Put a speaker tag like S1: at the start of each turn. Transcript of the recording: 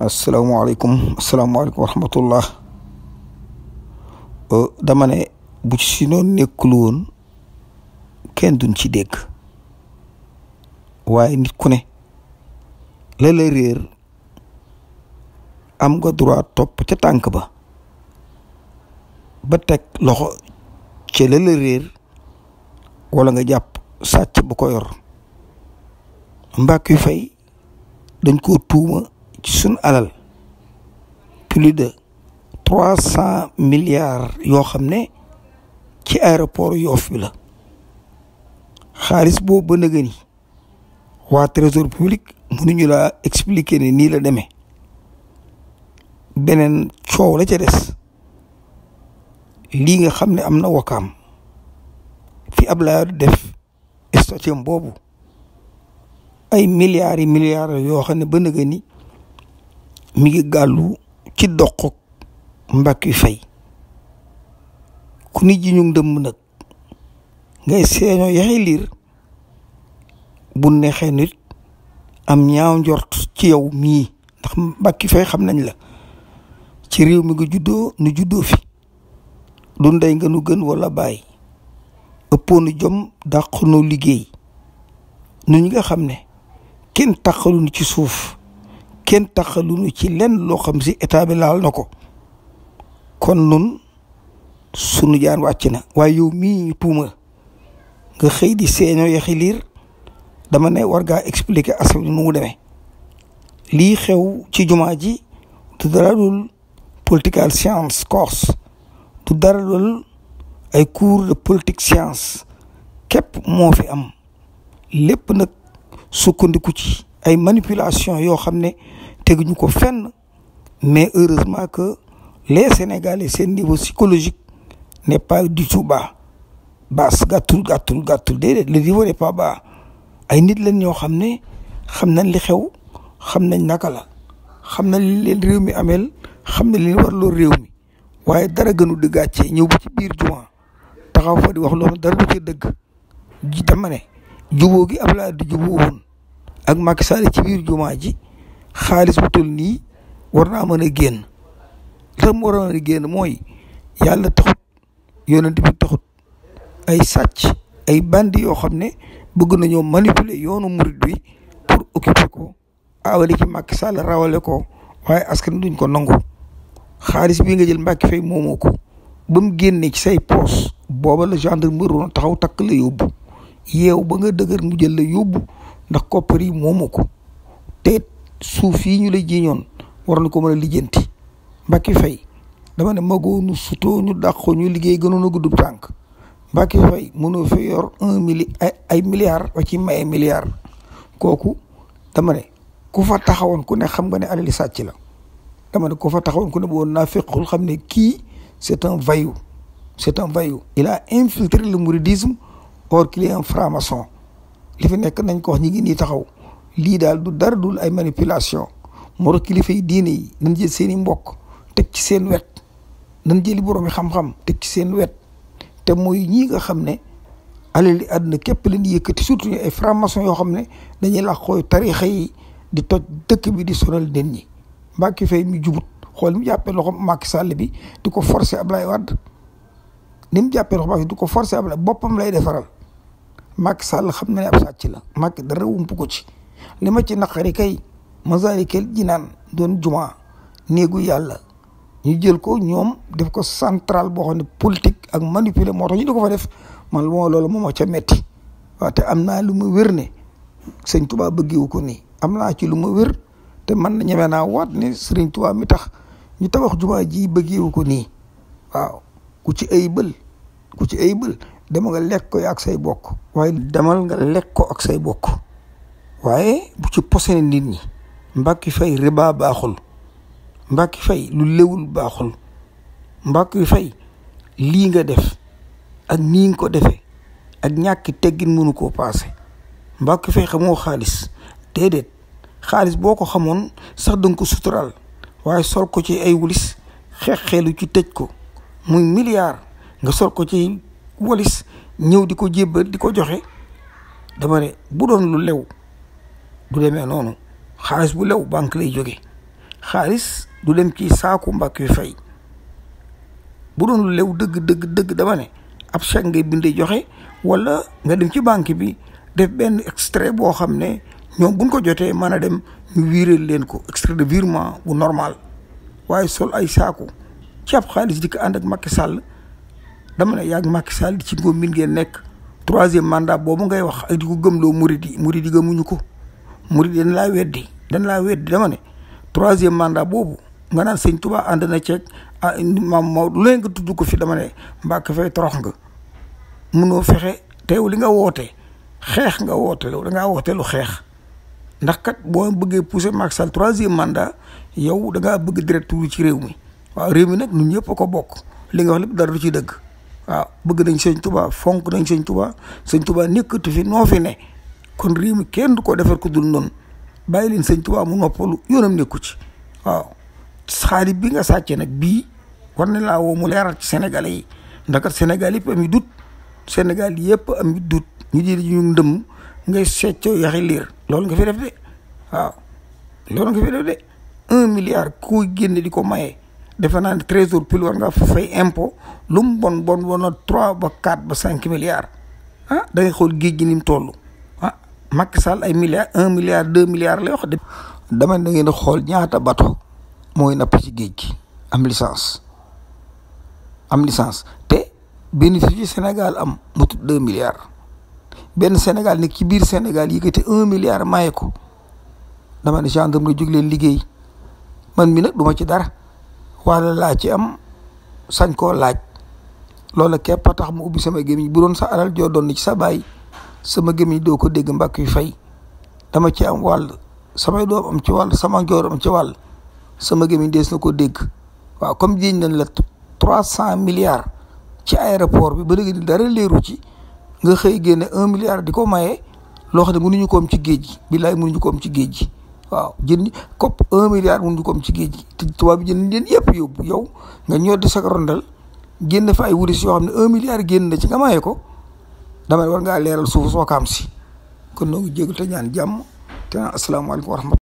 S1: asalaamaaleykum asalaamaaleykum wa rahmatullah euh, dama ne bu ci si noonu nekkul woon kenn duñ ci dégg waaye nit ku ne la am nga droit topp ca tànk ba ba teg loxo ca la la réer wala nga jàpp sàcc bu ko yor mbàkk yu fay dañ koo tuuma. ci suñ alal plus de trois cent milliards yoo xam ne ci aéroport Yoff bi la xaalis boobu ba nëgë ni waa trésor public mënuñu laa expliquer ne nii la deme beneen coow la ca des lii nga xam ne am na wakam fi Ablaye def statut boobu ay milliards yi milliards yoo xam ne ba nëgë mi ngi gàllu ci doq Mbacke fay ku nit ji ñu ngi dëmm nag ngay seeñoo yaxi liir bu neexee nit am ñaaw njort ci yow mii ndax Mbacke Faye xam nañ la ci réew mi nga juddoo nu juddoo fi du ndey nga nu gën wala baay ëppoo nu jom dàq nu liggéey nu ñi nga xam ne kenn taqalu nu ci suuf kenn taxaluñu ci lenn loo xam si état bi laal na ko kon nun sunu jaan wàcc na waaye yow mii ñu tuuma nga xëy di seeñoo yaxi liir dama ne warga ngaa expliquer askan nu mu demee lii xew ci jumaa ji du dara dul political science course du dara dul ay cours de politique science képp moo fi am lépp nag sukkandiku ci ay manipulation yoo xam ne teguñu ko fenn mais heureusement que les Sénégalais seen niveau psychologique ne pa di tout ba basse gàttul gàttul gàttul déedéet le niveau n'est pas bas ay nit lañ ñoo xam ne xam nañ li xew xam nañ naka la xam nañ leen réew mi ameel xam nañ li war loolu réew mi waaye dara gënu di gàcce ñëw ba ci biir jumaa taxaw fa di wax loolu dara du ci dëgg dama ne jubóo gi Abdoulaye di jubóo ak Macky Sall ci biir jumaa ji xaalis bu toll nii war naa mën a génn tax mu war génn mooy yàlla taxut yonent bi taxut ay sàcc ay bandi yoo xam ne bëgg nañoo manipuler yoonu murit bi pour occuper ko awale ci Macky Sall rawale ko waaye askan duñ ko nangu xaalis bi nga jël Mbàkke Fay moomoo ko ba mu génnee ci say poos booba la gendarmerie taxaw takk la yóbbu yeew ba nga dëgër mu jël la yóbbu ndax koppar yi moomu ko te suuf yi ñu la jiiñoon war na ko mën a lijjanti mbaki Faye dama ne magoonu sutoo ñu dàqoo ñu liggéey gënoon a guddub tànk Mbacke Faye mënoo fa yor un mili ay milliards ba ci maye milliards kooku dama ne ku fa taxawoon ku ne xam nga ne alali sàcc la dama ne ku fa taxawoon ku ne bu woon naa fekkul xam ne kii c'est un vaillou c'est un vaillou il a infiltré le mouridisme or qu'il est un franc li fi nekk nañ ko ñi ngi nii taxaw lii daal du dara dul ay manipulation moo tax kilifa yi diine yi nañ jël seen mbokk teg ci seen wet nañ jëli borom yi xam-xam teg ci seen wet te mooy ñii nga xam ne alali àdduna képp leen yëkkati surtout ay franc yoo xam ne dañuy làqooy tarixa yi di toj dëkk bi di sonal nit ñi mbaki Faye mi jubut xool mu jàppee loxo Macky Sall bi di ko forcer Ablaye Wade ni mu jàppee loxo Macky di ko forcer Ablaye boppam lay defaral Macky Sall xam na ne ab sàcc la Macky dara wumpu ko ci li ma ci naqari kay Masaalikul Jinaan doon juma néegu yàlla ñu jël ko ñoom def ko central boo xam ne politique ak manipuler moo tax ñu di ko fa def man moo loolu moom moo ca metti waaw te am naa lu mu wér ne sëñ Tuubaa bëggewu ko nii am naa ci lu ma wér te man na ñeme naa wat ne sëriñ Tuubaa mi tax ñu tabax juma ji bëggewu ko nii waaw ku ci ay bël ku ci ay bël demal nga lekk ko ak say bokk waaye demal nga lekk ko ak say bokk waaye bu ci posone nit ñi mbàkki fay riba baaxul mbàkki fay lu léwul baaxul mbàkki fay lii nga def ak nii nga ko defee ak ñàkk teggin mënu koo paase mbàkki fay xamoo xaalis déedéet xaalis boo ko xamoon sax danga ko sutural waaye sol ko ci ay wulis xeex xeelu ci tëj ko muy milliard nga sol ko ci walis ñëw di ko jébbal di ko joxe dama ne bu doon lu lew du demee noonu xaalis bu lew banque lay jóge xaalis du dem ci saaku mbàkk yu fay bu doon lu lew dëgg dëgg dëgg dama ne ab chèque ngay bindee joxe wala nga dem ci banque bi def benn extrait boo xam ne ñoom buñ ko jotee mën a dem ñu wiireel leen ko extrait de virement bu normal waaye sol ay saaku ci ab xaalis di ko ànd ak Macky Sall dama ne yàgg Macky Sall ci ngóob mi ngeen nekk troisième mandat boobu ngay wax ak di ko gëmloo murid yi murid mu ñu ko murid yi dañ laa weddi dañ laa weddi dama ne troisième mandat boobu nga naan sëñ Tuubaa ànd na ceeg ah maam Maodo lu nga tudd ko fi dama ne Mbàkke fay torox nga mënoo fexe teew li nga woote xeex nga woote lu da ngaa woote lu xeex ndax kat boo bëggee pousser Macky Sall troisième mandat yow da ngaa bëgg direct ci réew mi waaw réew mi nag ñun ñëpp a ko bokk li nga wax lépp dara du ci dëgg. waaw bëgg nañ seen Tuubaa fonk nañ sëñ Tuubaa sëñ Tuubaa nekkatu fi noo fi ne kon réew mi kenn du ko defar ko dul noonu bàyyi leen sëñ Tuubaa mu noppalu yoonam nekku ci waaw xaalis bi nga sàcce nag bii kon na laa woo mu leeral ci Sénégalais yi ndax Sénégal yëpp am yu dut Sénégal yëpp am yu dut ñu di ñu ndëm ngay seccoo yaxi liir loolu nga fi def de waaw loolu nga fi de un milliard koo génne di ko maye defe naa ne treize jours pile war nga fa fay impôt lu bon bon bon na trois ba quatre ba cinq milliards ah da xool géej gi ni mu toll ah Macky Sall ay milliards un milliard deux milliards lay wax de. dama da ngeen xool ñaata bato mooy napp ci géej gi am licence am licence te bénéfice yi Sénégal am mu tudd deux milliards benn Sénégal nekk ci biir Sénégal yëkkati un milliard maye ko dama ne gendarmerie leen liggéey man mi nag duma ci dara. waale laa ci am sañ koo laaj loola képp a tax mu ubbi sama gémmiñ bu doon sa alal joo doon ci sa baay sama gémmiñ doo ko dégg mbàkk yu fay dama ci am wàll samay doom am ci wàll sama njoor am ci wàll sama gémmiñ dees na ko dégg waaw comme jéñ nañ la trois cent milliards ci aéroport bi ba léegi ni dara leeru ci nga xëy génne un milliard di ko maye loo xam ne mënuñu ko am ci géej gi billaay mënuñu ko am ci géej gi waaw jënd kopp un milliard mun ñu ko am ci géej gi te tubaab bi jënd leen yëpp yóbbu yow nga ñëw di sa rondal génn fa ay wuris yoo xam ne un milliard génn na ci nga maye ko dama war ngaa leeral suuf soo ko am si kon noo ngi jégalu te ñaan jàmm te naan asalaamaaleykum wa